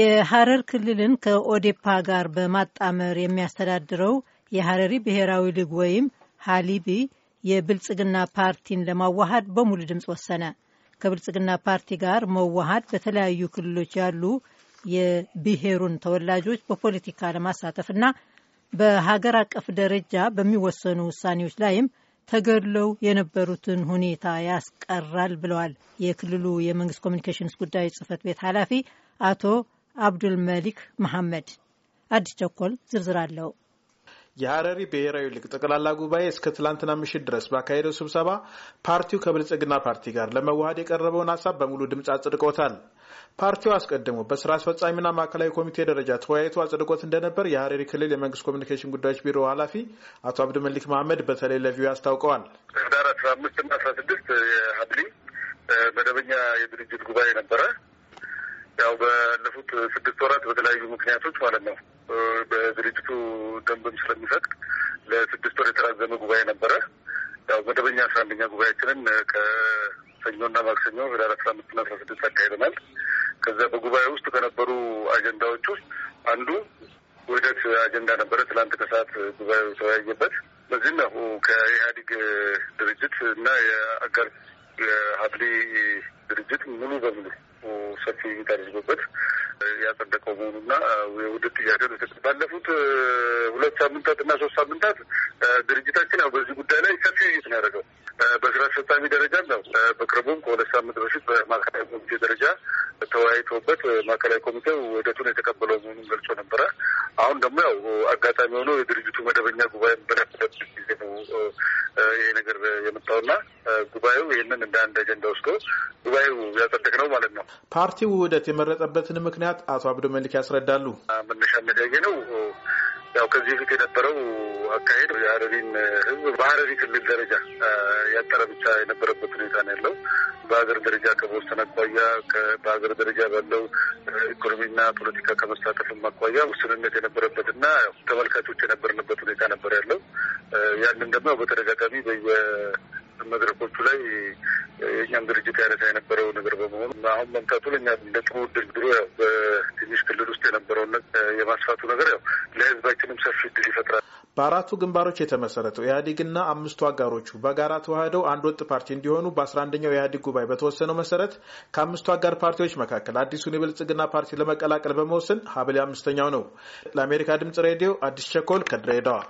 የሐረር ክልልን ከኦዴፓ ጋር በማጣመር የሚያስተዳድረው የሐረሪ ብሔራዊ ሊግ ወይም ሃሊቢ የብልጽግና ፓርቲን ለማዋሃድ በሙሉ ድምፅ ወሰነ። ከብልጽግና ፓርቲ ጋር መዋሃድ በተለያዩ ክልሎች ያሉ የብሔሩን ተወላጆች በፖለቲካ ለማሳተፍና በሀገር አቀፍ ደረጃ በሚወሰኑ ውሳኔዎች ላይም ተገድለው የነበሩትን ሁኔታ ያስቀራል ብለዋል የክልሉ የመንግስት ኮሚኒኬሽንስ ጉዳዮች ጽህፈት ቤት ኃላፊ አቶ አብዱል መሊክ መሐመድ። አዲስ ቸኮል ዝርዝር አለው። የሀረሪ ብሔራዊ ሊግ ጠቅላላ ጉባኤ እስከ ትላንትና ምሽት ድረስ ባካሄደው ስብሰባ ፓርቲው ከብልጽግና ፓርቲ ጋር ለመዋሃድ የቀረበውን ሀሳብ በሙሉ ድምፅ አጽድቆታል። ፓርቲው አስቀድሞ በስራ አስፈጻሚና ማዕከላዊ ኮሚቴ ደረጃ ተወያይቶ አጽድቆት እንደነበር የሀረሪ ክልል የመንግስት ኮሚኒኬሽን ጉዳዮች ቢሮ ኃላፊ አቶ አብዱመሊክ መሐመድ በተለይ ለቪዮ አስታውቀዋል። ህዳር አስራ አምስት እና አስራ ስድስት የሀብሊ መደበኛ የድርጅት ጉባኤ ነበረ። ያው ባለፉት ስድስት ወራት በተለያዩ ምክንያቶች ማለት ነው በድርጅቱ ደንብም ስለሚፈቅድ ለስድስት ወር የተራዘመ ጉባኤ ነበረ። ያው መደበኛ አስራ አንደኛ ጉባኤያችንን ከሰኞና ማክሰኞ ህዳር አስራ አምስትና አስራ ስድስት አካሄደናል። ከዛ በጉባኤ ውስጥ ከነበሩ አጀንዳዎች ውስጥ አንዱ ውህደት አጀንዳ ነበረ። ትላንት ከሰዓት ጉባኤው ተወያየበት። በዚህም ያው ከኢህአዴግ ድርጅት እና የአጋር የሀብሌ ድርጅት ሙሉ በሙሉ ሰፊ ውይይት አድርጎበት ያጸደቀው መሆኑና የውድድ ጥያቄ ባለፉት ሁለት ሳምንታት እና ሶስት ሳምንታት ድርጅታችን ያው በዚህ ጉዳይ ላይ ሰፊ ውይይት ነው ያደረገው። በስራ አስፈጻሚ ደረጃ ነው በቅርቡም ከሁለት ሳምንት በፊት በማዕከላዊ ኮሚቴ ደረጃ ተወያይቶበት ማዕከላዊ ኮሚቴው ውህደቱን የተቀበለው መሆኑን ገልጾ ነበረ። አሁን ደግሞ ያው አጋጣሚ ሆኖ የድርጅቱ መደበኛ ጉባኤ በነበረበት ጊዜ ነው ይሄ ነገር የመጣውና ጉባኤው ይህንን እንደ አንድ አጀንዳ ወስዶ ጉባኤው ያጸደቅ ነው ማለት ነው። ፓርቲው ውህደት የመረጠበትን ምክንያት አቶ አብዶ መልክ ያስረዳሉ። መነሻ መደያየ ነው ያው ከዚህ በፊት የነበረው አካሄድ የሀረሪን ህዝብ በሀረሪ ክልል ደረጃ ያጠረ ብቻ የነበረበት ሁኔታ ነው ያለው። በሀገር ደረጃ ከመወሰን አኳያ በሀገር ደረጃ ባለው ኢኮኖሚና ፖለቲካ ከመሳተፍም አኳያ ውስንነት የነበረበትና ተመልካቾች የነበርንበት ሁኔታ ነበር ያለው። ያንን ደግሞ በተደጋጋሚ በየመድረኮቹ ላይ የእኛም ድርጅት ያነሳ የነበረው ነገር በመሆኑ አሁን መምታቱ ለእኛ እንደ ጥሩ ድል ብሎ ያው በትንሽ ክልል ውስጥ የነበረውን የማስፋቱ ነገር ያው ለህዝባችንም ሰፊ ድል ይፈጥራል። በአራቱ ግንባሮች የተመሰረተው ኢህአዴግና አምስቱ አጋሮቹ በጋራ ተዋህደው አንድ ወጥ ፓርቲ እንዲሆኑ በአስራ አንደኛው የኢህአዴግ ጉባኤ በተወሰነው መሰረት ከአምስቱ አጋር ፓርቲዎች መካከል አዲሱን የብልጽግና ፓርቲ ለመቀላቀል በመወሰን ሀብሌ አምስተኛው ነው። ለአሜሪካ ድምጽ ሬዲዮ አዲስ ቸኮል ከድሬዳዋ